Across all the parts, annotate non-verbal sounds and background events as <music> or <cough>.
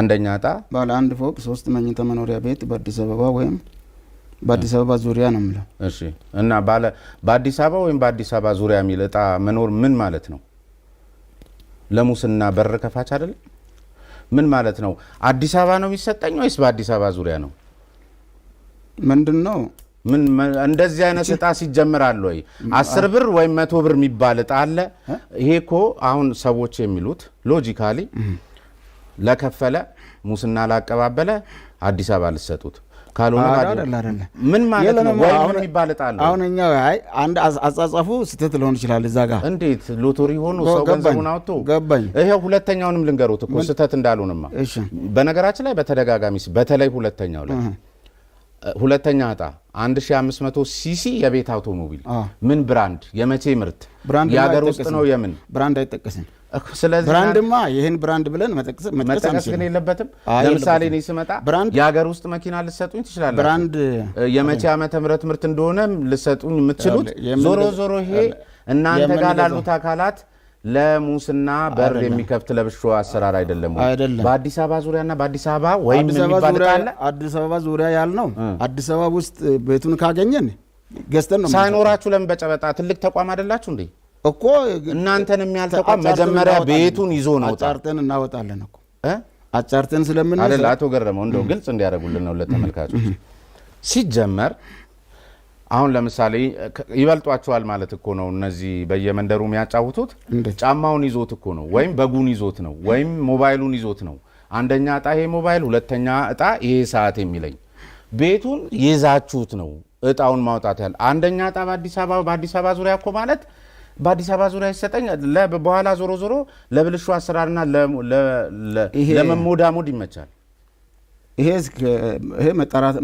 አንደኛ እጣ ባለ አንድ ፎቅ ሶስት መኝታ መኖሪያ ቤት በአዲስ አበባ ወይም በአዲስ አበባ ዙሪያ ነው የሚለው። እሺ እና ባለ በአዲስ አበባ ወይም በአዲስ አበባ ዙሪያ የሚል እጣ መኖር ምን ማለት ነው? ለሙስና በር ከፋች አይደለም? ምን ማለት ነው? አዲስ አበባ ነው የሚሰጠኝ ወይስ በአዲስ አበባ ዙሪያ ነው? ምንድን ነው ምን እንደዚህ አይነት እጣ አለ ወይ አስር ብር ወይም መቶ ብር የሚባል እጣ አለ? ይሄ እኮ አሁን ሰዎች የሚሉት ሎጂካሊ ለከፈለ ሙስና ላቀባበለ አዲስ አበባ ልሰጡት ካልሆነ ምን ማለት ነው? አሁን የሚባል ጣል አሁን እኛ አንድ አጻጻፉ ስህተት ሊሆን ይችላል። እዛ ጋር እንዴት ሎተሪ ሆኖ ሰው ገንዘቡን አውጥቶ ገባኝ። ሁለተኛውንም ልንገሩት እኮ ስህተት እንዳልሆንማ። በነገራችን ላይ በተደጋጋሚ በተለይ ሁለተኛው ላይ ሁለተኛ እጣ 1500 ሲሲ የቤት አውቶሞቢል ምን ብራንድ የመቼ ምርት የሀገር ውስጥ ነው የምን ብራንድ አይጠቀስም ስለዚህ ብራንድማ ይህን ብራንድ ብለን መጠቀስ ግን የለበትም። ለምሳሌ እኔ ስመጣ የሀገር ውስጥ መኪና ልሰጡኝ ትችላለ። ብራንድ የመቼ ዓመተ ምህረት ምርት እንደሆነም ልሰጡኝ የምትችሉት። ዞሮ ዞሮ ይሄ እናንተ ጋር ላሉት አካላት ለሙስና በር የሚከፍት ለብሾ አሰራር አይደለም አይደለም። በአዲስ አበባ ዙሪያና በአዲስ አበባ ወይም አዲስ አበባ ዙሪያ ያልነው አዲስ አበባ ውስጥ ቤቱን ካገኘን ገዝተን ነው። ሳይኖራችሁ ለምን በጨበጣ ትልቅ ተቋም አይደላችሁ እንዴ? እኮ እናንተን የሚያልተቋም መጀመሪያ ቤቱን ይዞ ነው። አጫርተን እናወጣለን እኮ አጫርተን ስለምን አቶ ገረመው እንደው ግልጽ እንዲያደርጉልን ነው ለተመልካቾች። ሲጀመር አሁን ለምሳሌ ይበልጧቸዋል ማለት እኮ ነው እነዚህ በየመንደሩ የሚያጫውቱት። ጫማውን ይዞት እኮ ነው ወይም በጉን ይዞት ነው ወይም ሞባይሉን ይዞት ነው። አንደኛ እጣ ይሄ ሞባይል፣ ሁለተኛ እጣ ይሄ ሰዓት የሚለኝ ቤቱን ይዛችሁት ነው እጣውን ማውጣት ያለ አንደኛ እጣ በአዲስ አበባ በአዲስ አበባ ዙሪያ እኮ ማለት በአዲስ አበባ ዙሪያ ይሰጠኝ። በኋላ ዞሮ ዞሮ ለብልሹ አሰራርና ለመሞዳሞድ ይመቻል። ይሄ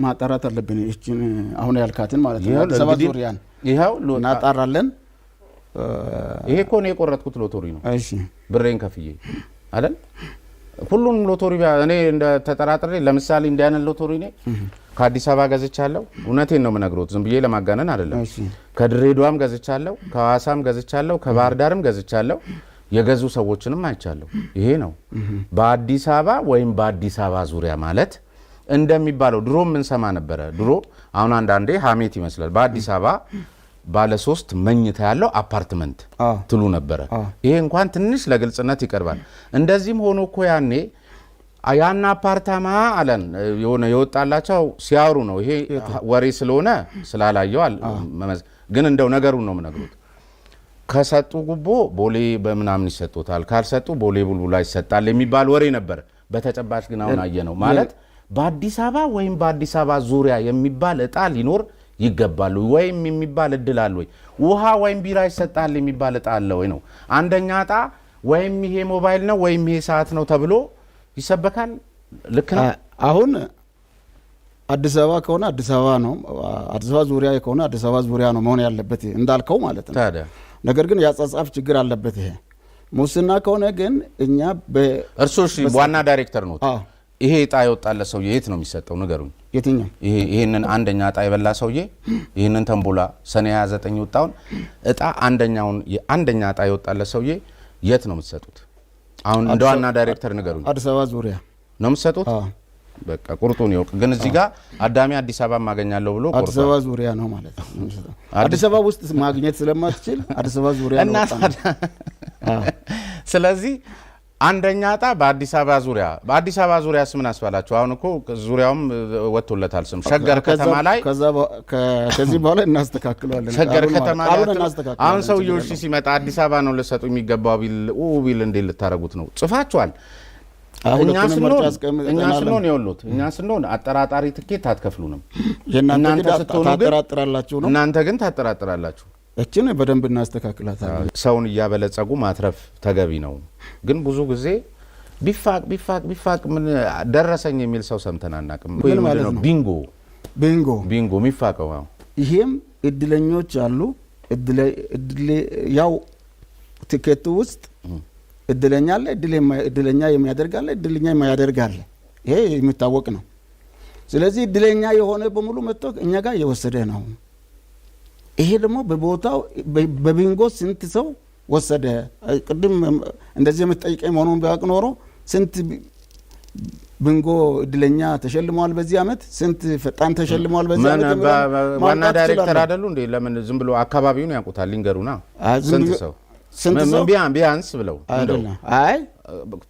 ማጣራት አለብን። ይህችን አሁን ያልካትን ማለት ነው። አዲስ አበባ ዙሪያን ይኸው እናጣራለን። ይሄ እኮ እኔ የቆረጥኩት ሎቶሪ ነው ብሬን ከፍዬ አለን ሁሉንም ሎቶሪ እኔ እንደ ተጠራጥሬ ለምሳሌ እንዲያነ ሎቶሪ እኔ ከአዲስ አበባ ገዝቻለሁ። እውነቴን ነው የምነግሮት፣ ዝም ብዬ ለማጋነን አይደለም። ከድሬዳዋም ገዝቻለሁ፣ ከሐዋሳም ገዝቻለሁ፣ ከባህር ዳርም ገዝቻለሁ። የገዙ ሰዎችንም አይቻለሁ። ይሄ ነው በአዲስ አበባ ወይም በአዲስ አበባ ዙሪያ ማለት እንደሚባለው ድሮ የምንሰማ ነበረ። ድሮ አሁን አንዳንዴ ሀሜት ይመስላል። በአዲስ አበባ ባለ ሶስት መኝታ ያለው አፓርትመንት ትሉ ነበረ። ይሄ እንኳን ትንሽ ለግልጽነት ይቀርባል። እንደዚህም ሆኖ እኮ ያኔ ያን አፓርታማ አለን የሆነ የወጣላቸው ሲያወሩ ነው። ይሄ ወሬ ስለሆነ ስላላየዋል ግን እንደው ነገሩን ነው የምነግሩት። ከሰጡ ጉቦ ቦሌ በምናምን ይሰጡታል፣ ካልሰጡ ቦሌ ቡልቡላ ይሰጣል የሚባል ወሬ ነበር። በተጨባጭ ግን አሁን አየ ነው ማለት በአዲስ አበባ ወይም በአዲስ አበባ ዙሪያ የሚባል እጣ ሊኖር ይገባሉ ወይም የሚባል እድል አለ ወይ? ውሃ ወይም ቢራ ይሰጣል የሚባል እጣ አለ ወይ ነው አንደኛ እጣ። ወይም ይሄ ሞባይል ነው ወይም ይሄ ሰዓት ነው ተብሎ ይሰበካል። ልክ ነው። አሁን አዲስ አበባ ከሆነ አዲስ አበባ ነው፣ አዲስ አበባ ዙሪያ ከሆነ አዲስ አበባ ዙሪያ ነው መሆን ያለበት እንዳልከው ማለት ነው። ነገር ግን የአጻጻፍ ችግር አለበት ይሄ ሙስና ከሆነ ግን እኛ እርስዎ ዋና ዳይሬክተር ነው። ይሄ እጣ የወጣለት ሰውዬ የት ነው የሚሰጠው? ንገሩኝ። የትኛው? ይህንን አንደኛ እጣ የበላ ሰውዬ ይህንን ተንቦላ ሰኔ 29 የወጣውን እጣ አንደኛውን አንደኛ እጣ የወጣለት ሰውዬ የት ነው የምትሰጡት? አሁን እንደ ዋና ዳይሬክተር ንገሩኝ፣ አዲስ አበባ ዙሪያ ነው የምትሰጡት? በቃ ቁርጡን ይወቅ። ግን እዚህ ጋር አዳሚ አዲስ አበባ ማገኛለሁ ብሎ አዲስ አበባ ዙሪያ ነው ማለት ነው። አዲስ አበባ ውስጥ ማግኘት ስለማትችል አዲስ አበባ ዙሪያ ነው። ስለዚህ አንደኛ እጣ በአዲስ አበባ ዙሪያ በአዲስ አበባ ዙሪያ ስምን አስባላችሁ። አሁን እኮ ዙሪያውም ወጥቶለታል ስም ሸገር ከተማ ላይ ከዚህ በኋላ እናስተካክለዋለን። ሸገር ከተማ ላይ አሁን ሰውየው እሺ ሲመጣ አዲስ አበባ ነው ልሰጡ የሚገባው ቢል ቢል እንዴ ልታደረጉት ነው? ጽፋችኋል። እኛ ስንሆን እኛ ስንሆን የወሎት እኛ ስንሆን አጠራጣሪ ትኬት አትከፍሉንም። እናንተ ግን ታጠራጥራላችሁ። እችን በደንብ እናስተካክላታለን። ሰውን እያበለጸጉ ማትረፍ ተገቢ ነው። ግን ብዙ ጊዜ ቢፋቅ ቢፋቅ ቢፋቅ ምን ደረሰኝ የሚል ሰው ሰምተን አናቅም። ምን ማለት ነው? ቢንጎ ቢንጎ ቢንጎ የሚፋቀው ይሄም እድለኞች አሉ። ያው ትኬቱ ውስጥ እድለኛ አለ፣ እድለኛ የሚያደርግ አለ፣ እድለኛ የማያደርግ አለ። ይሄ የሚታወቅ ነው። ስለዚህ እድለኛ የሆነ በሙሉ መጥቶ እኛ ጋር የወሰደ ነው። ይሄ ደግሞ በቦታው በቢንጎ ስንት ሰው ወሰደ። ቅድም እንደዚህ የምትጠይቀኝ መሆኑን ቢያውቅ ኖሮ ስንት ብንጎ እድለኛ ተሸልመዋል በዚህ ዓመት ስንት ፈጣን ተሸልመዋል በዚህ አመት። ዋና ዳይሬክተር አይደሉ እንዴ? ለምን ዝም ብሎ አካባቢውን ያውቁታል? ሊንገሩና ስንት ሰው ቢያንስ ብለው አይ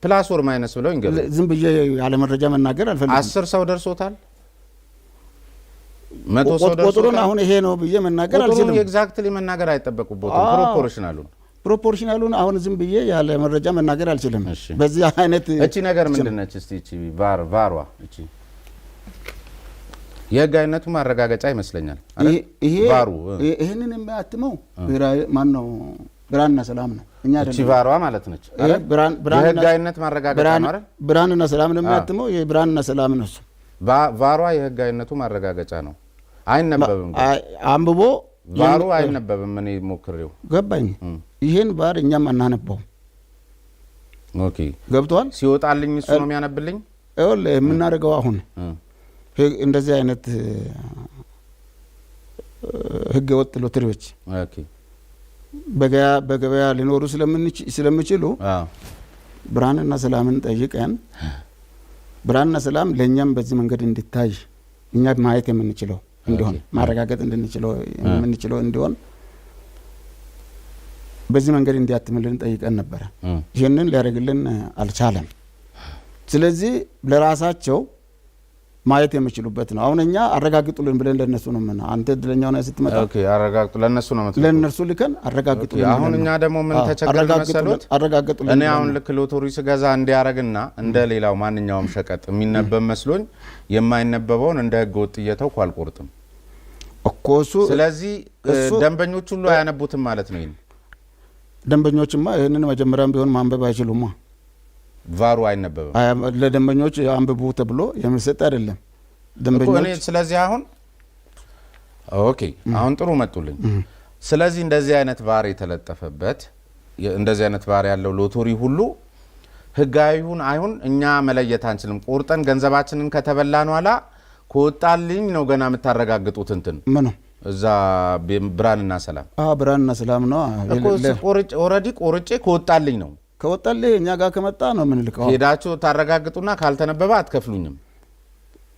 ፕላስ ወር ማይነስ ብለው ይንገሩ። ዝም ብዬ ያለ መረጃ መናገር አልፈልግም። አስር ሰው ደርሶታል መቶ ሰው ደርሶታል። ቁጥሩን አሁን ይሄ ነው ብዬ መናገር አልችልም። ኤግዛክትሊ መናገር አይጠበቁቦትም ፕሮፖርሽናሉን ፕሮፖርሽናሉን አሁን ዝም ብዬ ያለ መረጃ መናገር አልችልም። በዚህ አይነት እቺ ነገር ምንድነች? እስቲ እቺ ቫር ቫሯ እቺ የህግ ማረጋገጫ ይመስለኛል። ይሄ ይህንን የሚያትመው ነው? ብርሃንና ሰላም ነው። እኛ እቺ ቫሯ ማለት ነች። የህግ ማረጋገጫ ማለት ብርሃንና ሰላም ነው የሚያትመው። ይሄ ብርሃንና ሰላም ነው። እሱ ቫሯ የህግ ማረጋገጫ ነው። አይነበብም፣ አንብቦ ቫሩ አይነበብም። እኔ ሞክሬው ገባኝ ይሄን ባህር እኛም አናነባው። ኦኬ ገብቷል። ሲወጣልኝ እሱ ነው የሚያነብልኝ። ይኸውልህ የምናደርገው አሁን እንደዚህ አይነት ህገ ወጥ ሎተሪዎች በገበያ ሊኖሩ ስለሚችሉ ብርሃንና ሰላምን ጠይቀን ብርሃንና ሰላም ለእኛም በዚህ መንገድ እንዲታይ እኛ ማየት የምንችለው እንዲሆን ማረጋገጥ እንድንችለው የምንችለው እንዲሆን በዚህ መንገድ እንዲያትምልን ጠይቀን ነበረ። ይህንን ሊያደርግልን አልቻለም። ስለዚህ ለራሳቸው ማየት የሚችሉበት ነው። አሁን እኛ አረጋግጡልን ብለን ለነሱ ነው ምና አንተ እድለኛው ሆነ ስትመጣ ለነሱ ነው ለነሱ ልከን አረጋግጡልን። አሁን እኛ ደግሞ ምን ተቸገርን አረጋግጡልን እኔ አሁን ልክ ሎተሪ ስገዛ እንዲያረግና እንደ ሌላው ማንኛውም ሸቀጥ የሚነበብ መስሎኝ የማይነበበውን እንደ ህገ ወጥ እየተውኩ አልቆርጥም እኮ እሱ። ስለዚህ ደንበኞች ሁሉ አያነቡትም ማለት ነው ይሄን ደንበኞችማ ይህንን መጀመሪያም ቢሆን ማንበብ አይችሉማ። ቫሩ አይነበብም። ለደንበኞች አንብቡ ተብሎ የሚሰጥ አይደለም። ደንበኞች ስለዚህ አሁን ኦኬ፣ አሁን ጥሩ መጡልኝ። ስለዚህ እንደዚህ አይነት ቫር የተለጠፈበት እንደዚህ አይነት ቫር ያለው ሎቶሪ ሁሉ ህጋዊ ይሁን አይሁን እኛ መለየት አንችልም። ቁርጠን ገንዘባችንን ከተበላን ኋላ ከወጣልኝ ነው ገና የምታረጋግጡት እንትን ምነው እዛ ብርሃንና ሰላም ብርሃንና ሰላም ነው ኦልሬዲ ቆርጬ ከወጣልኝ ነው ከወጣልህ እኛ ጋር ከመጣ ነው የምንልከው። ሄዳችሁ ታረጋግጡና ካልተነበበ አትከፍሉኝም።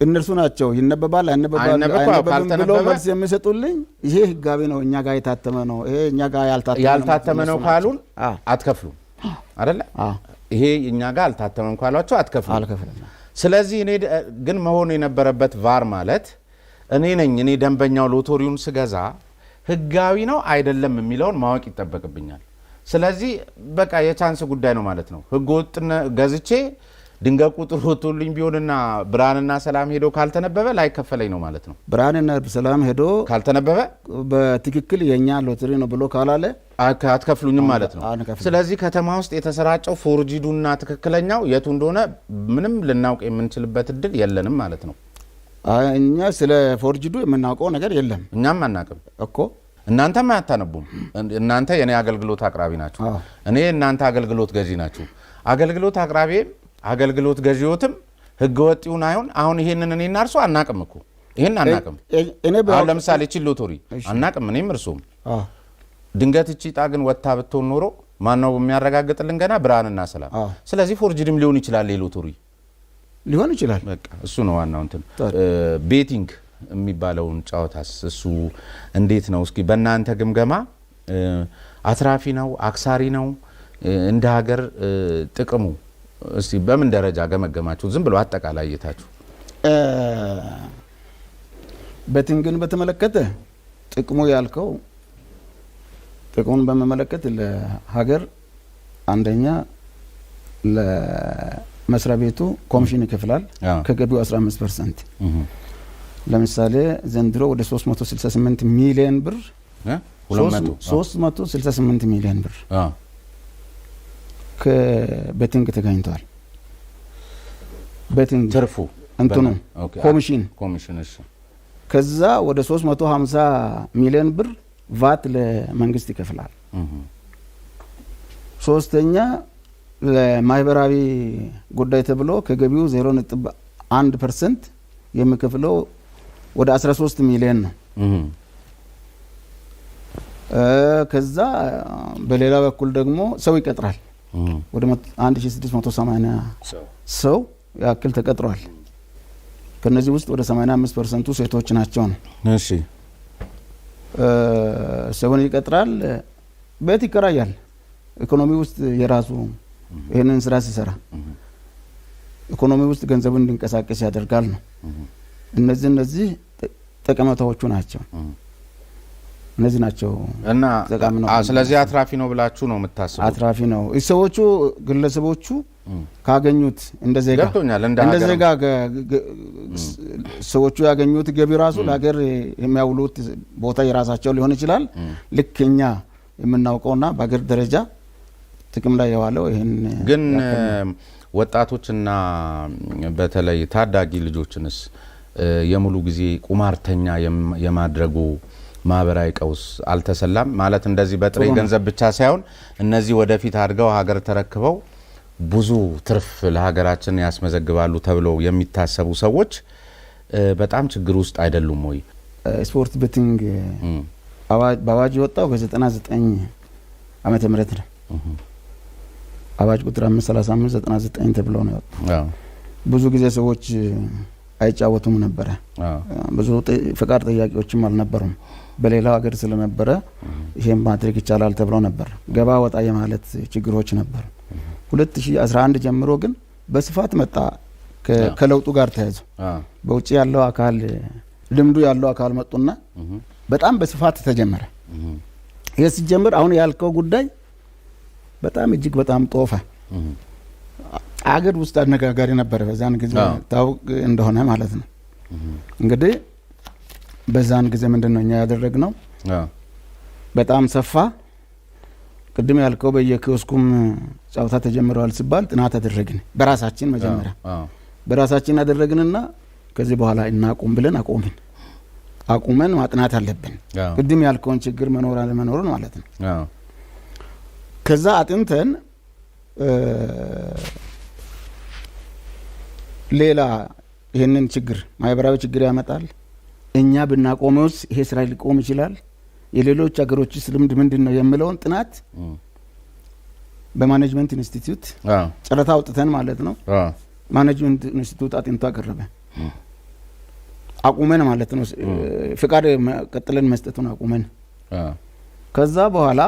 እነርሱ ናቸው ይነበባል አይነበባልአይነበብም ብሎ መልስ የሚሰጡልኝ። ይሄ ህጋቢ ነው፣ እኛ ጋር የታተመ ነው፣ ይሄ እኛ ጋር ያልታተመ ያልታተመ ነው ካሉን አትከፍሉም አደለ? ይሄ እኛ ጋር አልታተመም ካሏቸው አትከፍሉም። ስለዚህ እኔ ግን መሆኑ የነበረበት ቫር ማለት እኔ ነኝ እኔ ደንበኛው ሎቶሪውን ስገዛ ህጋዊ ነው አይደለም የሚለውን ማወቅ ይጠበቅብኛል። ስለዚህ በቃ የቻንስ ጉዳይ ነው ማለት ነው። ህገ ወጥ ገዝቼ ድንገ ቁጥር ወቶልኝ ቢሆንና ብርሃንና ሰላም ሄዶ ካልተነበበ ላይከፈለኝ ነው ማለት ነው። ብርሃንና ሰላም ሄዶ ካልተነበበ በትክክል የእኛ ሎተሪ ነው ብሎ ካላለ አትከፍሉኝም ማለት ነው። ስለዚህ ከተማ ውስጥ የተሰራጨው ፎርጂዱና ትክክለኛው የቱ እንደሆነ ምንም ልናውቅ የምንችልበት እድል የለንም ማለት ነው። እኛ ስለ ፎርጅዱ የምናውቀው ነገር የለም። እኛም አናቅም እኮ እናንተም አያታነቡም። እናንተ የእኔ አገልግሎት አቅራቢ ናችሁ፣ እኔ እናንተ አገልግሎት ገዢ ናችሁ። አገልግሎት አቅራቢም አገልግሎት ገዢዎትም ህገወጥ ይሁን አይሁን አሁን ይሄንን እኔ እና እርሶ አናቅም እኮ ይህን አናቅም። አሁን ለምሳሌ ቺ ሎተሪ አናቅም፣ እኔም እርሶም። ድንገት እቺ ዕጣ ግን ወታ ብትሆን ኖሮ ማነው የሚያረጋግጥልን? ገና ብርሃንና ሰላም። ስለዚህ ፎርጅድም ሊሆን ይችላል ሎተሪ ሊሆን ይችላል። በቃ እሱ ነው ዋናው እንትን ቤቲንግ የሚባለውን ጨዋታስ እሱ እንዴት ነው? እስኪ በእናንተ ግምገማ አትራፊ ነው አክሳሪ ነው? እንደ ሀገር ጥቅሙ እስቲ በምን ደረጃ ገመገማችሁ? ዝም ብሎ አጠቃላይ እይታችሁ። ቤቲንግን በተመለከተ ጥቅሙ ያልከው ጥቅሙን በመመለከት ለሀገር አንደኛ መስሪያ ቤቱ ኮሚሽን ይከፍላል ከገቢው 15 ፐርሰንት። ለምሳሌ ዘንድሮ ወደ 368 ሚሊዮን ብር 368 ሚሊዮን ብር በትንግ ተገኝቷል ቤቲንግ ትርፉ እንትኑ ኮሚሽን ከዛ ወደ 350 ሚሊዮን ብር ቫት ለመንግስት ይከፍላል። ሶስተኛ ለማህበራዊ ጉዳይ ተብሎ ከገቢው ዜሮ ነጥብ አንድ ፐርሰንት የሚከፍለው ወደ 13 ሚሊዮን ነው። ከዛ በሌላ በኩል ደግሞ ሰው ይቀጥራል። ወደ 1680 ሰው ያክል ተቀጥሯል። ከነዚህ ውስጥ ወደ 85 ፐርሰንቱ ሴቶች ናቸው ነው። እሺ ሰውን ይቀጥራል፣ ቤት ይከራያል። ኢኮኖሚ ውስጥ የራሱ ይህንን ስራ ሲሰራ ኢኮኖሚ ውስጥ ገንዘቡን እንዲንቀሳቀስ ያደርጋል ነው። እነዚህ እነዚህ ጠቀመታዎቹ ናቸው። እነዚህ ናቸው እና ስለዚህ አትራፊ ነው ብላችሁ ነው የምታስቡት? አትራፊ ነው ሰዎቹ ግለሰቦቹ ካገኙት እንደ ዜጋ እንደ ዜጋ ሰዎቹ ያገኙት ገቢ ራሱ ለሀገር የሚያውሉት ቦታ የራሳቸው ሊሆን ይችላል። ልክ እኛ የምናውቀውና በሀገር ደረጃ ጥቅም ላይ የዋለው ይህን ግን ወጣቶችና በተለይ ታዳጊ ልጆችንስ የሙሉ ጊዜ ቁማርተኛ የማድረጉ ማህበራዊ ቀውስ አልተሰላም ማለት እንደዚህ በጥሬ ገንዘብ ብቻ ሳይሆን እነዚህ ወደፊት አድገው ሀገር ተረክበው ብዙ ትርፍ ለሀገራችን ያስመዘግባሉ ተብለው የሚታሰቡ ሰዎች በጣም ችግር ውስጥ አይደሉም ወይ? ስፖርት ቤቲንግ በአዋጅ የወጣው በ99 ዓመተ ምህረት ነው። አዋጅ ቁጥር 53599 ተብሎ ነው ያወጡ። ብዙ ጊዜ ሰዎች አይጫወቱም ነበረ። ብዙ ፈቃድ ጥያቄዎችም አልነበሩም። በሌላው ሀገር ስለነበረ ይሄን ማድረግ ይቻላል ተብሎ ነበር። ገባ ወጣ የማለት ችግሮች ነበሩ። 2011 ጀምሮ ግን በስፋት መጣ። ከለውጡ ጋር ተያይዞ በውጭ ያለው አካል ልምዱ ያለው አካል መጡና በጣም በስፋት ተጀመረ። ይህ ሲጀምር አሁን ያልከው ጉዳይ በጣም እጅግ በጣም ጦፈ አገር ውስጥ አነጋጋሪ ነበረ። በዛን ጊዜ ታውቅ እንደሆነ ማለት ነው። እንግዲህ በዛን ጊዜ ምንድን ነው እኛ ያደረግ ነው በጣም ሰፋ። ቅድም ያልከው በየኪዮስኩም ጨዋታ ተጀምረዋል ሲባል ጥናት አደረግን በራሳችን መጀመሪያ በራሳችን አደረግንና ከዚህ በኋላ እናቁም ብለን አቆምን። አቁመን ማጥናት አለብን ቅድም ያልከውን ችግር መኖር አለመኖሩን ማለት ነው። ከዛ አጥንተን ሌላ ይህንን ችግር ማህበራዊ ችግር ያመጣል። እኛ ብናቆመውስ ይሄ ስራ ሊቆም ይችላል። የሌሎች ሀገሮችስ ልምድ ምንድን ነው የሚለውን ጥናት በማኔጅመንት ኢንስቲትዩት ጨረታ አውጥተን ማለት ነው። ማኔጅመንት ኢንስቲትዩት አጥንቶ አቀረበ። አቁመን ማለት ነው ፍቃድ ቀጥለን መስጠቱን አቁመን ከዛ በኋላ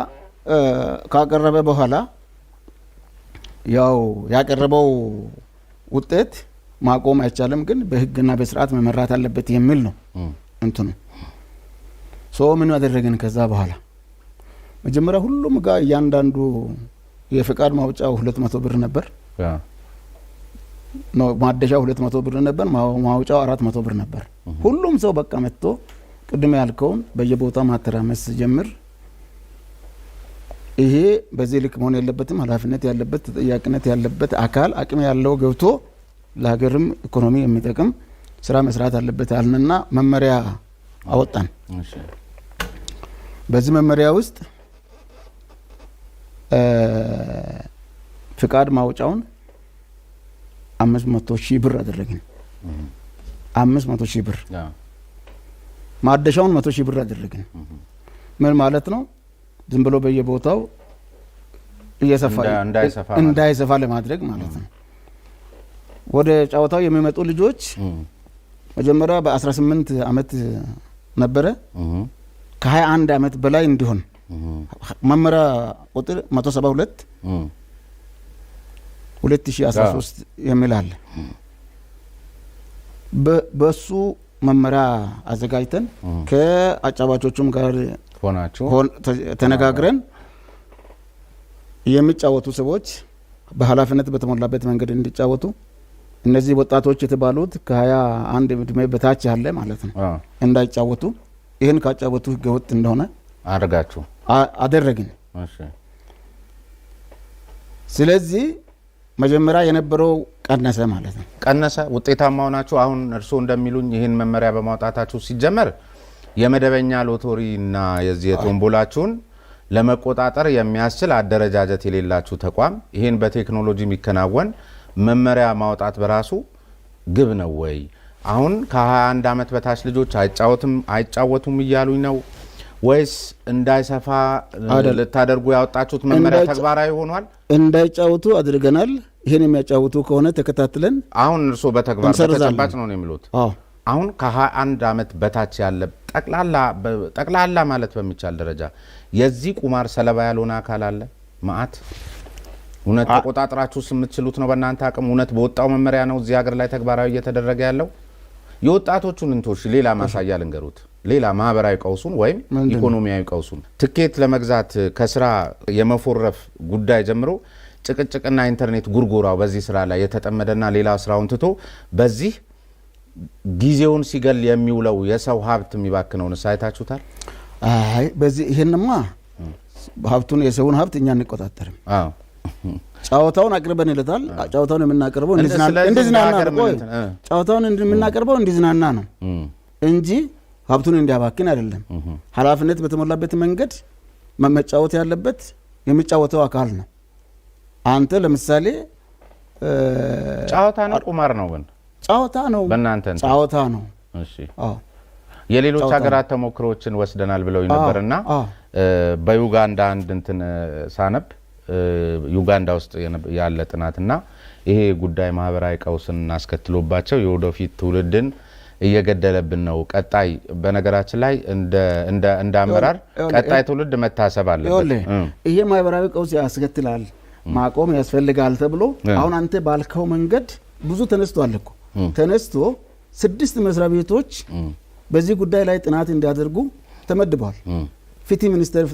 ካቀረበ በኋላ ያው ያቀረበው ውጤት ማቆም አይቻልም፣ ግን በህግና በስርዓት መመራት አለበት የሚል ነው እንትኑ ሶ ምን ያደረግን ከዛ በኋላ መጀመሪያ ሁሉም ጋር እያንዳንዱ የፍቃድ ማውጫው ሁለት መቶ ብር ነበር። ማደሻ ሁለት መቶ ብር ነበር። ማውጫው አራት መቶ ብር ነበር። ሁሉም ሰው በቃ መጥቶ ቅድም ያልከውን በየቦታ ማተራመስ ጀምር ይሄ በዚህ ልክ መሆን የለበትም። ኃላፊነት ያለበት ተጠያቂነት ያለበት አካል አቅም ያለው ገብቶ ለሀገርም ኢኮኖሚ የሚጠቅም ስራ መስራት አለበት አልንና መመሪያ አወጣን። በዚህ መመሪያ ውስጥ ፍቃድ ማውጫውን አምስት መቶ ሺህ ብር አደረግን። አምስት መቶ ሺህ ብር ማደሻውን መቶ ሺህ ብር አደረግን። ምን ማለት ነው? ዝም ብሎ በየቦታው እንዳይሰፋ ለማድረግ ማለት ነው። ወደ ጨዋታው የሚመጡ ልጆች መጀመሪያ በ18 ዓመት ነበረ ከ21 ዓመት በላይ እንዲሆን መመሪያ ቁጥር 172 2013 የሚላል በሱ መመሪያ አዘጋጅተን ከአጫባቾቹም ጋር ተነጋግረን የሚጫወቱ ሰዎች በኃላፊነት በተሞላበት መንገድ እንዲጫወቱ እነዚህ ወጣቶች የተባሉት ከሀያ አንድ እድሜ በታች ያለ ማለት ነው እንዳይጫወቱ ይህን ካጫወቱ ህገወጥ እንደሆነ አድርጋችሁ አደረግን። ስለዚህ መጀመሪያ የነበረው ቀነሰ ማለት ነው። ቀነሰ ውጤታማ ሆናችሁ አሁን እርስዎ እንደሚሉኝ ይህን መመሪያ በማውጣታችሁ ሲጀመር የመደበኛ እና የዚህ የቶምቦላችሁን ለመቆጣጠር የሚያስችል አደረጃጀት የሌላችሁ ተቋም ይህን በቴክኖሎጂ የሚከናወን መመሪያ ማውጣት በራሱ ግብ ነው ወይ? አሁን ከ21 ዓመት በታች ልጆች አይጫወቱም እያሉኝ ነው። ወይስ እንዳይሰፋ ልታደርጉ ያወጣችሁት መመሪያ ተግባራዊ ሆኗል? እንዳይጫወቱ አድርገናል። ይህን የሚያጫውቱ ከሆነ ተከታትለን አሁን እርስዎ በተግባር በተጨባጭ ነው የሚሉት? አሁን ከ21 ዓመት በታች ያለ ጠቅላላ ማለት በሚቻል ደረጃ የዚህ ቁማር ሰለባ ያልሆነ አካል አለ? ማአት እውነት ተቆጣጥራችሁ የምትችሉት ነው? በእናንተ አቅም እውነት በወጣው መመሪያ ነው እዚህ ሀገር ላይ ተግባራዊ እየተደረገ ያለው? የወጣቶቹን እንቶሽ ሌላ ማሳያ ልንገሩት። ሌላ ማህበራዊ ቀውሱን ወይም ኢኮኖሚያዊ ቀውሱን ትኬት ለመግዛት ከስራ የመፎረፍ ጉዳይ ጀምሮ ጭቅጭቅና ኢንተርኔት ጉርጉራው በዚህ ስራ ላይ የተጠመደና ሌላ ስራውን ትቶ በዚህ ጊዜውን ሲገል የሚውለው የሰው ሀብት የሚባክነውን ሳይታችሁታል? አይ በዚህ ይህንማ ሀብቱን የሰውን ሀብት እኛ አንቆጣጠርም። ጫወታውን አቅርበን ይለታል። ጫወታውን የምናቀርበው እንዲዝናና ነው። ጫወታውን የምናቀርበው እንዲዝናና ነው እንጂ ሀብቱን እንዲያባክን አይደለም። ኃላፊነት በተሞላበት መንገድ መጫወት ያለበት የሚጫወተው አካል ነው። አንተ ለምሳሌ ጨዋታ ነው፣ ቁማር ነው፣ ግን ጨዋታ ነው፣ በእናንተ ጨዋታ ነው። የሌሎች ሀገራት ተሞክሮዎችን ወስደናል ብለው ነበር እና በዩጋንዳ አንድ እንትን ሳነብ ዩጋንዳ ውስጥ ያለ ጥናትና ይሄ ጉዳይ ማህበራዊ ቀውስን አስከትሎባቸው የወደፊት ትውልድን እየገደለብን ነው። ቀጣይ በነገራችን ላይ እንደ አመራር ቀጣይ ትውልድ መታሰብ አለበት። ይሄ ማህበራዊ ቀውስ ያስከትላል፣ ማቆም ያስፈልጋል ተብሎ አሁን አንተ ባልከው መንገድ ብዙ ተነስቶ አለኩ ተነስቶ ስድስት መስሪያ ቤቶች በዚህ ጉዳይ ላይ ጥናት እንዲያደርጉ ተመድበዋል። ፍትህ ሚኒስቴር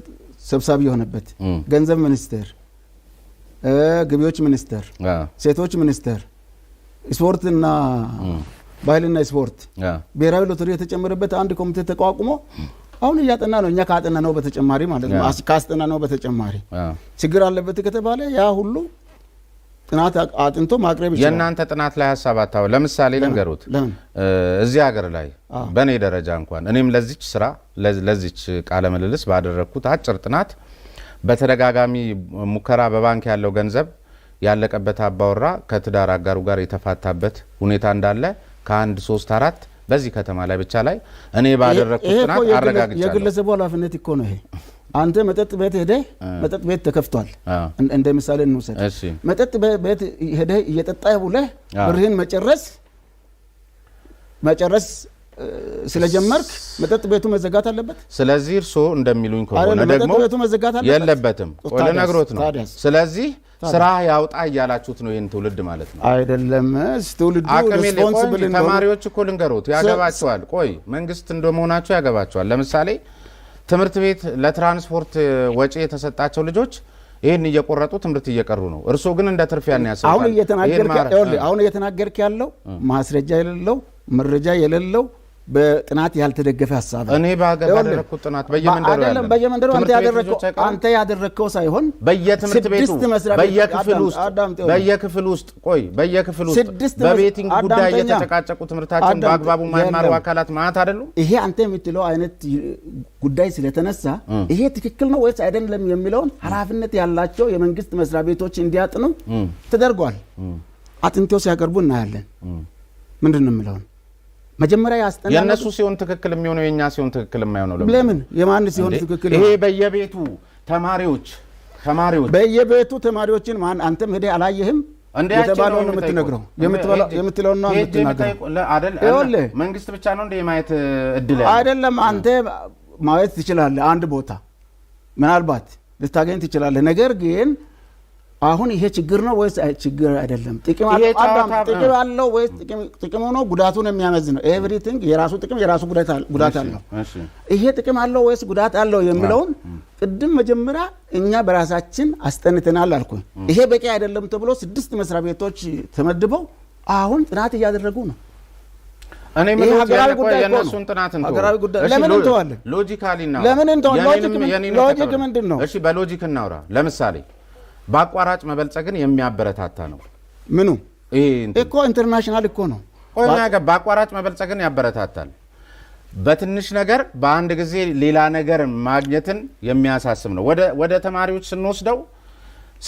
ሰብሳቢ የሆነበት፣ ገንዘብ ሚኒስቴር፣ ግቢዎች ሚኒስቴር፣ ሴቶች ሚኒስቴር፣ ስፖርትና ባህልና ስፖርት ብሔራዊ ሎተሪ የተጨመረበት አንድ ኮሚቴ ተቋቁሞ አሁን እያጠና ነው። እኛ ካጠና ነው በተጨማሪ ማለት ነው ካስጠና ነው በተጨማሪ ችግር አለበት ከተባለ ያ ሁሉ ጥናት አጥንቶ ማቅረብ ይችላል። የእናንተ ጥናት ላይ ሀሳብ አታው ለምሳሌ ልንገሩት፣ እዚህ ሀገር ላይ በእኔ ደረጃ እንኳን እኔም ለዚች ስራ ለዚች ቃለ ምልልስ ባደረግኩት አጭር ጥናት በተደጋጋሚ ሙከራ በባንክ ያለው ገንዘብ ያለቀበት አባወራ ከትዳር አጋሩ ጋር የተፋታበት ሁኔታ እንዳለ ከአንድ ሶስት አራት በዚህ ከተማ ላይ ብቻ ላይ እኔ ባደረግኩት ጥናት አረጋግጫለሁ። የግለሰቡ ኃላፊነት እኮ ነው ይሄ። አንተ መጠጥ ቤት ሄደህ መጠጥ ቤት ተከፍቷል፣ እንደ ምሳሌ እንውሰድ። መጠጥ ቤት ሄደህ እየጠጣህ ብለህ ብርህን መጨረስ መጨረስ ስለጀመርክ መጠጥ ቤቱ መዘጋት አለበት። ስለዚህ እርስዎ እንደሚሉኝ ከሆነ ደግሞ የለበትም ልነግሮት ነው። ስለዚህ ስራ ያውጣ እያላችሁት ነው ይህን ትውልድ ማለት ነው አይደለም? ትውልዱ ተማሪዎች እኮ ልንገሮት ያገባቸዋል። ቆይ መንግስት እንደመሆናቸው ያገባቸዋል። ለምሳሌ ትምህርት ቤት ለትራንስፖርት ወጪ የተሰጣቸው ልጆች ይህን እየቆረጡ ትምህርት እየቀሩ ነው። እርስዎ ግን እንደ ትርፍ ያን ያስባል። አሁን እየተናገርክ ያለው ማስረጃ የሌለው መረጃ የሌለው በጥናት ያልተደገፈ ሀሳብ እኔ በሀገር ባደረግኩት ጥናት በየመንደሩ ያለ በየመንደሩ አንተ ያደረግከው ሳይሆን በየትምህርት ቤቱ በየክፍል ውስጥ በየክፍል ውስጥ ቆይ በየክፍል ውስጥ በቤቲንግ ጉዳይ እየተጨቃጨቁ ትምህርታቸውን በአግባቡ ማይማሩ አካላት ማለት አይደሉም። ይሄ አንተ የምትለው አይነት ጉዳይ ስለተነሳ ይሄ ትክክል ነው ወይስ አይደለም የሚለውን ኃላፊነት ያላቸው የመንግስት መስሪያ ቤቶች እንዲያጥኑ ተደርጓል። አጥንቶ ሲያቀርቡ እናያለን። ምንድን ነው የምለውን መጀመሪያ ያስጠና የእነሱ ሲሆን ትክክል የሚሆነው የእኛ ሲሆን ትክክል የማይሆነው ለምን? የማን ሲሆን ትክክል? ይሄ በየቤቱ ተማሪዎች ተማሪዎች በየቤቱ ተማሪዎችን ማን አንተም ሄደህ አላየህም? የተባለውን ነው የምትነግረው የምትለውን ነው የምትናገረው። መንግስት ብቻ ነው እንደ ማየት እድል አይደለም። አንተ ማየት ትችላለህ፣ አንድ ቦታ ምናልባት ልታገኝ ትችላለህ። ነገር ግን አሁን ይሄ ችግር ነው ወይስ ችግር አይደለም? ጥቅም አለው ወይስ ጥቅም ነው ጉዳቱን የሚያመዝ ነው? ኤቭሪቲንግ የራሱ ጥቅም የራሱ ጉዳት አለው። ይሄ ጥቅም አለው ወይስ ጉዳት አለው የሚለውን ቅድም መጀመሪያ እኛ በራሳችን አስጠንተናል አልኩኝ። ይሄ በቂ አይደለም ተብሎ ስድስት መስሪያ ቤቶች ተመድበው አሁን ጥናት እያደረጉ ነው። ሎጂክ ምንድን ነው? በሎጂክ እናውራ። ለምሳሌ በአቋራጭ መበልጸግን የሚያበረታታ ነው። ምኑ እኮ ኢንተርናሽናል እኮ ነው። በአቋራጭ መበልጸግን ያበረታታል። በትንሽ ነገር በአንድ ጊዜ ሌላ ነገር ማግኘትን የሚያሳስብ ነው። ወደ ተማሪዎች ስንወስደው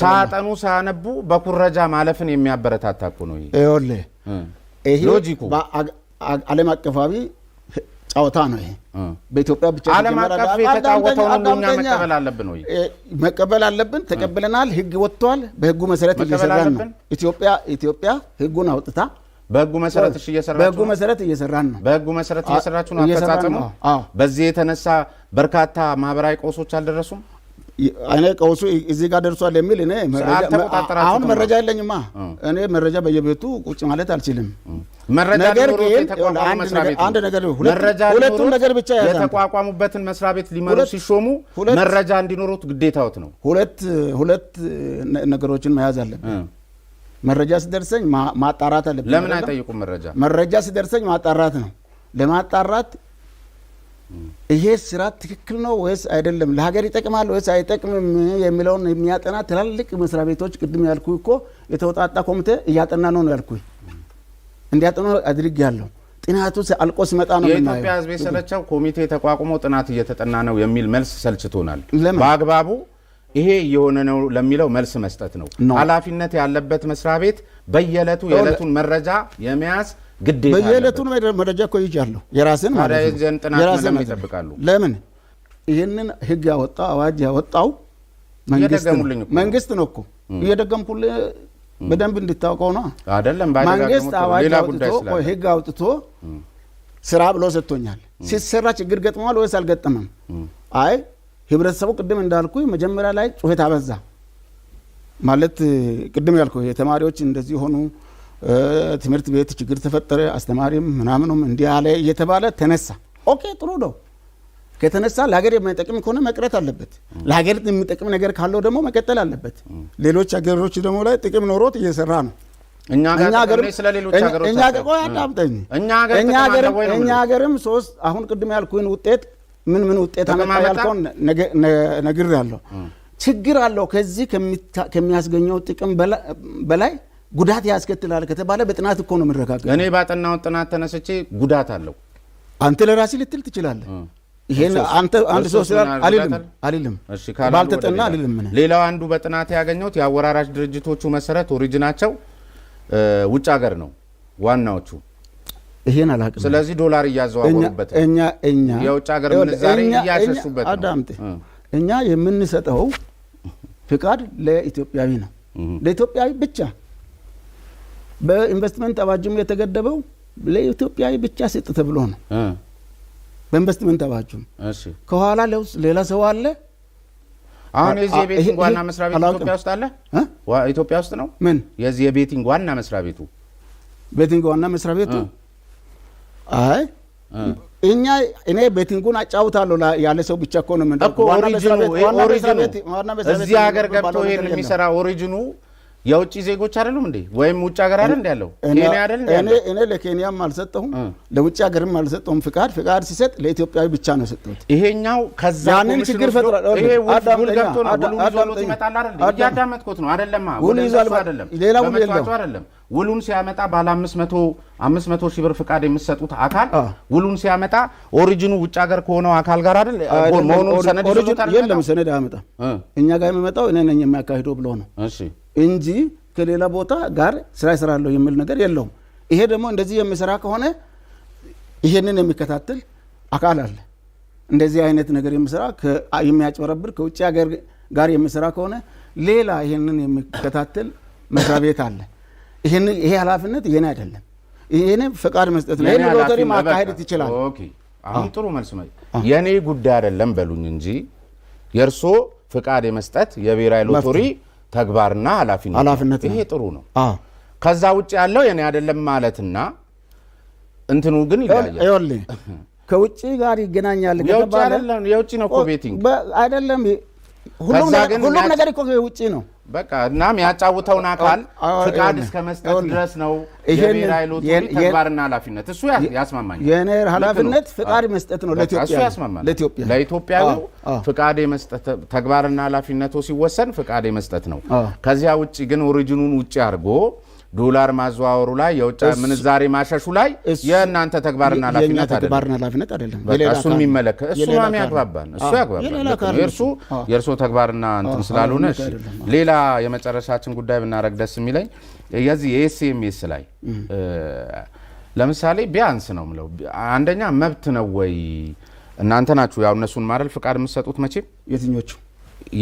ሳጠኑ ሳያነቡ በኩረጃ ማለፍን የሚያበረታታ እኮ ነው። ይሄ ሎጂኩ ዓለም አቀፋዊ ጨዋታ ነው ይሄ። በኢትዮጵያ ብቻ ዓለም አቀፍ የተጫወተው ነው። እኛ መቀበል አለብን ወይ? መቀበል አለብን። ተቀብለናል። ህግ ወጥቷል። በህጉ መሰረት እየሰራን ነው። ኢትዮጵያ ኢትዮጵያ ህጉን አውጥታ በህጉ መሰረት እሺ፣ እየሰራችሁ መሰረት እየሰራን ነው። በህጉ መሰረት እየሰራችሁ ነው። አፈጻጸሙ በዚህ የተነሳ በርካታ ማህበራዊ ቀውሶች አልደረሱም። እኔ ቀውሱ እዚህ ጋር ደርሷል የሚል እኔ አሁን መረጃ የለኝማ። እኔ መረጃ በየቤቱ ቁጭ ማለት አልችልም። ነገር ግን ነገር ብቻ የተቋቋሙበትን መስሪያ ቤት ሊመሩ ሲሾሙ መረጃ እንዲኖሩት ግዴታዎት ነው። ሁለት ሁለት ነገሮችን መያዝ አለብን። መረጃ ሲደርሰኝ ማጣራት አለብን። ለምን አይጠይቁም? መረጃ መረጃ ሲደርሰኝ ማጣራት ነው። ለማጣራት ይሄ ስራ ትክክል ነው ወይስ አይደለም፣ ለሀገር ይጠቅማል ወይስ አይጠቅምም የሚለውን የሚያጠና ትላልቅ መስሪያ ቤቶች ቅድም ያልኩ እኮ የተወጣጣ ኮሚቴ እያጠና ነው ነው ያልኩኝ እንዲያጠኑ ያለው ጥናቱ አልቆ ሲመጣ ነው የኢትዮጵያ ሕዝብ የሰለቸው ኮሚቴ ተቋቁሞ ጥናት እየተጠና ነው የሚል መልስ ሰልችቶናል። በአግባቡ ይሄ እየሆነ ነው ለሚለው መልስ መስጠት ነው ኃላፊነት ያለበት መስሪያ ቤት በየዕለቱ የዕለቱን መረጃ የመያዝ ግዴታ በየዕለቱ መረጃ እኮ ይዣለሁ የራስን ጥናት ይጠብቃሉ። ለምን ይህንን ህግ ያወጣው አዋጅ ያወጣው መንግስት ነው እኮ እየደገሙልኝ በደንብ እንድታውቀው ነው። አይደለም መንግስት አዋጅ አውጥቶ ህግ አውጥቶ ስራ ብሎ ሰጥቶኛል። ሲሰራ ችግር ገጥመዋል ወይስ አልገጠመም? አይ ህብረተሰቡ ቅድም እንዳልኩ መጀመሪያ ላይ ጩኸት አበዛ ማለት ቅድም ያልኩ የተማሪዎች እንደዚህ ሆኑ፣ ትምህርት ቤት ችግር ተፈጠረ፣ አስተማሪም ምናምኑም እንዲህ አለ እየተባለ ተነሳ። ኦኬ ጥሩ ነው። ከተነሳ ለሀገር የማይጠቅም ከሆነ መቅረት አለበት። ለሀገር የሚጠቅም ነገር ካለው ደግሞ መቀጠል አለበት። ሌሎች ሀገሮች ደግሞ ላይ ጥቅም ኖሮት እየሰራ ነው። እኛ ሀገርም ሶስት አሁን ቅድም ያልኩን ውጤት ምን ምን ውጤት አመጣ ያልከውን ያለው ችግር አለው ከዚህ ከሚያስገኘው ጥቅም በላይ ጉዳት ያስከትላል ከተባለ በጥናት እኮ ነው የምንረጋገጥ። እኔ ባጠናውን ጥናት ተነስቼ ጉዳት አለው አንተ ለራሴ ልትል ትችላለህ። ይሄን አንተ አንድ ሰው ስላል አልልም አልልም ባልተጠና አልልም። ሌላው አንዱ በጥናት ያገኘሁት የአወራራሽ ድርጅቶቹ መሰረት ኦሪጅናቸው ውጭ ሀገር ነው ዋናዎቹ። ይሄን አላውቅም። ስለዚህ ዶላር እያዘዋወሩበት እኛ እኛ የውጭ ሀገር ምንዛሬ እያሸሹበት ነው። አዳምጤ እኛ የምንሰጠው ፍቃድ ለኢትዮጵያዊ ነው፣ ለኢትዮጵያዊ ብቻ። በኢንቨስትመንት አዋጅም የተገደበው ለኢትዮጵያዊ ብቻ ስጥ ተብሎ ነው። በኢንቨስትመንት አባችሁም ከኋላ ሌላ ሰው አለ። አሁን የዚህ የቤቲንግ ዋና መስሪያ ቤቱ ኢትዮጵያ ውስጥ አለ። ኢትዮጵያ ውስጥ ነው። ምን የዚህ የቤቲንግ ዋና መስሪያ ቤቱ ቤቲንግ ዋና መስሪያ ቤቱ አይ እኛ እኔ ቤቲንጉን አጫውታለሁ ያለ ሰው ብቻ እኮ ነው። ምን ኦሪጂኑ እዚህ ሀገር ገብቶ ይሄን የሚሰራ ኦሪጂኑ የውጭ ዜጎች አይደሉም እንዴ? ወይም ውጭ ሀገር አይደል እንዴ ያለው? እኔ እኔ ለኬንያም አልሰጠሁም ለውጭ ሀገርም አልሰጠሁም ፍቃድ። ፍቃድ ሲሰጥ ለኢትዮጵያዊ ብቻ ነው የሰጠሁት። ይሄኛው ከዛንን ችግር ፈጥሯል። ነው ውሉ አይደለም? ሌላ ውሉን ሲያመጣ ባለ 500 500 ሺህ ብር ፍቃድ የምትሰጡት አካል ውሉን ሲያመጣ ኦሪጂኑ ውጭ ሀገር ከሆነው አካል ጋር አይደል መሆኑን ሰነድ ይዞታል። የለም ሰነድ አያመጣም። እኛ ጋር የሚመጣው እኔ ነኝ የሚያካሂደው ብሎ ነው። እሺ እንጂ ከሌላ ቦታ ጋር ስራ ይሰራለሁ የሚል ነገር የለውም። ይሄ ደግሞ እንደዚህ የሚሰራ ከሆነ ይሄንን የሚከታተል አካል አለ። እንደዚህ አይነት ነገር የሚሰራ የሚያጭበረብር ከውጭ ሀገር ጋር የሚሰራ ከሆነ ሌላ ይሄንን የሚከታተል መስሪያ ቤት አለ። ይሄ ኃላፊነት ይሄን አይደለም። ይሄን ፈቃድ መስጠት ነው። ይሄን ሎተሪ ማካሄድ ትችላል። አሁን ጥሩ መልስ ነው። የእኔ ጉዳይ አይደለም በሉኝ እንጂ የእርሶ ፍቃድ የመስጠት የብሔራዊ ሎተሪ ተግባርና ኃላፊነት ይሄ ጥሩ ነው። ከዛ ውጭ ያለው የኔ አይደለም ማለትና እንትኑ ግን ይለያል። <laughs> ከውጭ ጋር ይገናኛል። የውጭ ነው እኮ ቤቲንግ አይደለም። ሁሉም ነገር እኮ የውጭ ነው። በቃ እናም ያጫውተውን አካል ፍቃድ እስከ መስጠት ድረስ ነው የብሔራዊ ሎተሪ ተግባርና ኃላፊነት። እሱ ያስማማኛል። የእኔ ኃላፊነት ፍቃድ መስጠት ነው ለኢትዮጵያ ለኢትዮጵያ ፍቃድ የመስጠት ተግባርና ኃላፊነቱ ሲወሰን ፍቃድ የመስጠት ነው። ከዚያ ውጭ ግን ኦሪጂኑን ውጭ አድርጎ ዶላር ማዘዋወሩ ላይ የውጭ ምንዛሬ ማሸሹ ላይ የእናንተ ተግባርና ኃላፊነት አይደለም። እሱ የሚመለከት እሱ ማሚ ያግባባን እሱ ያግባባን የእርሶ ተግባርና እንትን ስላልሆነ ሌላ የመጨረሻችን ጉዳይ ብናረግ ደስ የሚለኝ የዚህ የኤስኤምኤስ ላይ ለምሳሌ ቢያንስ ነው ምለው አንደኛ መብት ነው ወይ እናንተ ናችሁ ያው እነሱን ማረል ፍቃድ የምትሰጡት መቼም የትኞቹ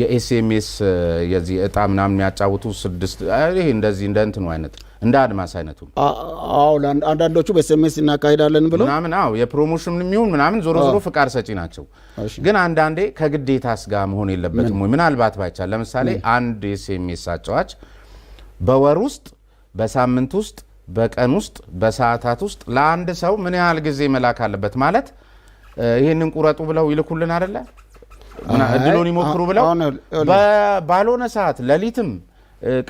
የኤስኤምኤስ የዚህ እጣ ምናምን የሚያጫውቱ ስድስት ይሄ እንደዚህ እንደ እንትኑ አይነት እንደ አድማስ አይነቱ አዎ፣ አንዳንዶቹ በኤስኤምኤስ እናካሄዳለን ብለው ምናምን አዎ፣ የፕሮሞሽን የሚሆን ምናምን ዞሮ ዞሮ ፍቃድ ሰጪ ናቸው። ግን አንዳንዴ ከግዴታስ ጋር መሆን የለበትም ወይ? ምናልባት ባይቻል ለምሳሌ አንድ የኤስኤምኤስ አጫዋች በወር ውስጥ በሳምንት ውስጥ በቀን ውስጥ በሰዓታት ውስጥ ለአንድ ሰው ምን ያህል ጊዜ መላክ አለበት ማለት ይህንን ቁረጡ ብለው ይልኩልን አይደለ እድሉን ይሞክሩ ብለው ባልሆነ ሰዓት ሌሊትም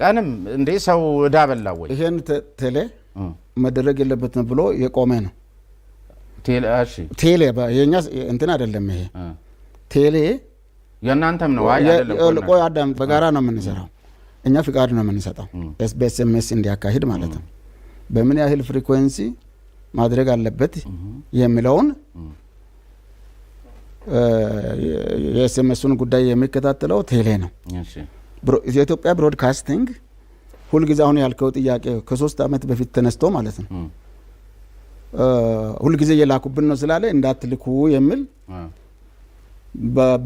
ቀንም እንዴ ሰው እዳ በላ ወይ ይሄን ቴሌ መደረግ የለበትም ብሎ የቆመ ነው። ቴሌ የኛ እንትን አይደለም። ይሄ ቴሌ የእናንተም ነው። ቆይ አዳም በጋራ ነው የምንሰራው። እኛ ፍቃድ ነው የምንሰጠው በኤስኤምኤስ እንዲያካሂድ ማለት ነው። በምን ያህል ፍሪኩዌንሲ ማድረግ አለበት የሚለውን የኤስኤምኤሱን ጉዳይ የሚከታተለው ቴሌ ነው። የኢትዮጵያ ብሮድካስቲንግ ሁልጊዜ አሁን ያልከው ጥያቄ ከሶስት ዓመት በፊት ተነስቶ ማለት ነው ሁልጊዜ እየላኩብን ነው ስላለ እንዳትልኩ የሚል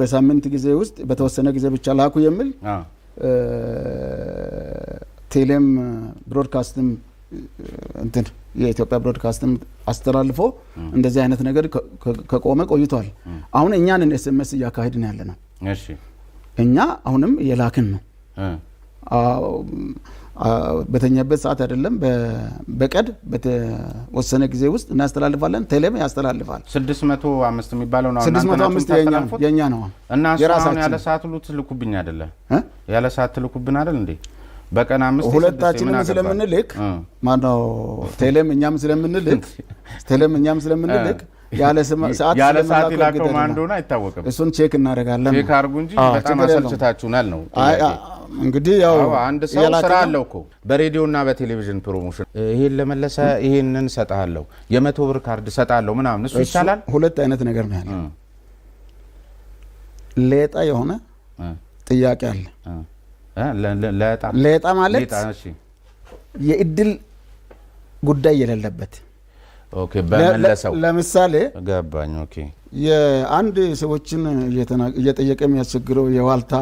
በሳምንት ጊዜ ውስጥ በተወሰነ ጊዜ ብቻ ላኩ የሚል ቴሌም ብሮድካስትም እንትን የኢትዮጵያ ብሮድካስትም አስተላልፎ እንደዚህ አይነት ነገር ከቆመ ቆይቷል። አሁን እኛን ኤስ ኤም ኤስ እያካሄድን ያለ ነው። እኛ አሁንም የላክን ነው። በተኛበት ሰዓት አይደለም፣ በቀድ በተወሰነ ጊዜ ውስጥ እናስተላልፋለን። ቴሌም ያስተላልፋል። ስድስት መቶ አምስት የሚባለው ነው። ስድስት መቶ አምስት የእኛ ነው እና ያለ ሰዓት ሁሉ ትልኩብኝ አይደለ? ያለ ሰዓት ትልኩብን አይደል እንዴ? በቀን አምስት ሁለታችንም ስለምንልክ ማነው ቴሌም እኛም ስለምንልክ <laughs> ቴሌም እኛም ስለምንልክ ያለ ሰዓት ይላከው እንደሆነ አይታወቅም። እሱን ቼክ እናደርጋለን። ቼክ አድርጉ እንጂ በጣም አሰልችታችሁናል ነው እንግዲህ ያው አንድ ሰው ስራ አለው እኮ በሬዲዮና በቴሌቪዥን ፕሮሞሽን ይሄን ለመለሰ ይሄንን እሰጥሃለሁ፣ የመቶ ብር ካርድ እሰጥሃለሁ ምናምን እሱ ይቻላል። ሁለት አይነት ነገር ነው ያለው። ሌጣ የሆነ ጥያቄ አለ ለጣ ማለት የእድል ጉዳይ የሌለበት ለምሳሌ ገባኝ። የአንድ ሰዎችን እየጠየቀ የሚያስቸግረው የዋልታ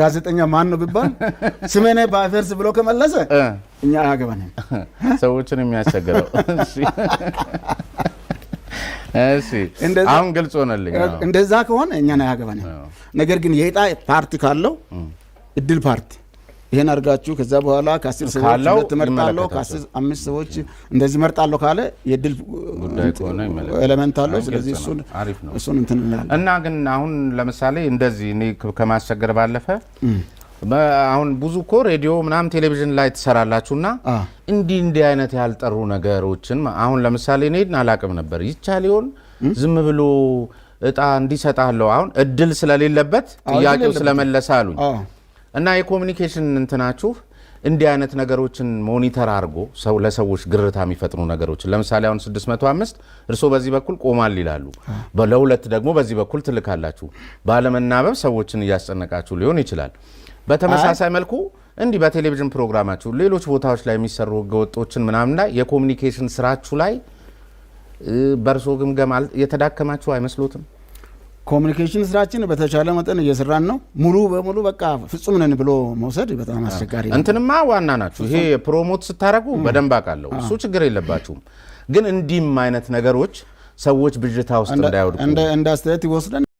ጋዜጠኛ ማን ነው ቢባል ስሜኔ በአፌርስ ብሎ ከመለሰ እኛ አያገባንም ሰዎችን የሚያስቸግረው አሁን ግልጽ ሆነልኝ። እንደዛ ከሆነ እኛን አያገባንም። ነገር ግን የዕጣ ፓርቲ ካለው እድል ፓርቲ ይሄን አድርጋችሁ ከዛ በኋላ ከአስር ሰዎች መርጣለሁ ከአስር አምስት ሰዎች እንደዚህ መርጣለሁ ካለ የድል ኤሌመንት አለው። ስለዚህ እሱን እንትን እና ግን አሁን ለምሳሌ እንደዚህ እኔ ከማስቸገር ባለፈ አሁን ብዙ እኮ ሬዲዮ ምናምን ቴሌቪዥን ላይ ትሰራላችሁና እንዲህ እንዲህ አይነት ያልጠሩ ነገሮችን አሁን ለምሳሌ እኔን አላቅም ነበር ይቻል ይሆን ዝም ብሎ እጣ እንዲሰጣለሁ አሁን እድል ስለሌለበት ጥያቄው ስለመለሰ አሉኝ እና የኮሚኒኬሽን እንትናችሁ እንዲህ አይነት ነገሮችን ሞኒተር አድርጎ ሰው ለሰዎች ግርታ የሚፈጥሩ ነገሮችን ለምሳሌ አሁን 605 እርስዎ በዚህ በኩል ቆማል ይላሉ፣ ለሁለት ደግሞ በዚህ በኩል ትልካላችሁ። ባለመናበብ ሰዎችን እያስጨነቃችሁ ሊሆን ይችላል። በተመሳሳይ መልኩ እንዲህ በቴሌቪዥን ፕሮግራማችሁ ሌሎች ቦታዎች ላይ የሚሰሩ ህገወጦችን ምናምን ላይ የኮሚኒኬሽን ስራችሁ ላይ በእርሶ ግምገማ የተዳከማችሁ አይመስሎትም? ኮሚኒኬሽን ስራችን በተቻለ መጠን እየሰራን ነው። ሙሉ በሙሉ በቃ ፍጹም ነን ብሎ መውሰድ በጣም አስቸጋሪ። እንትንማ ዋና ናችሁ። ይሄ ፕሮሞት ስታደረጉ በደንብ አውቃለሁ። እሱ ችግር የለባችሁም። ግን እንዲህም አይነት ነገሮች ሰዎች ብዥታ ውስጥ እንዳይወድቁ እንደ አስተያየት ይወስደን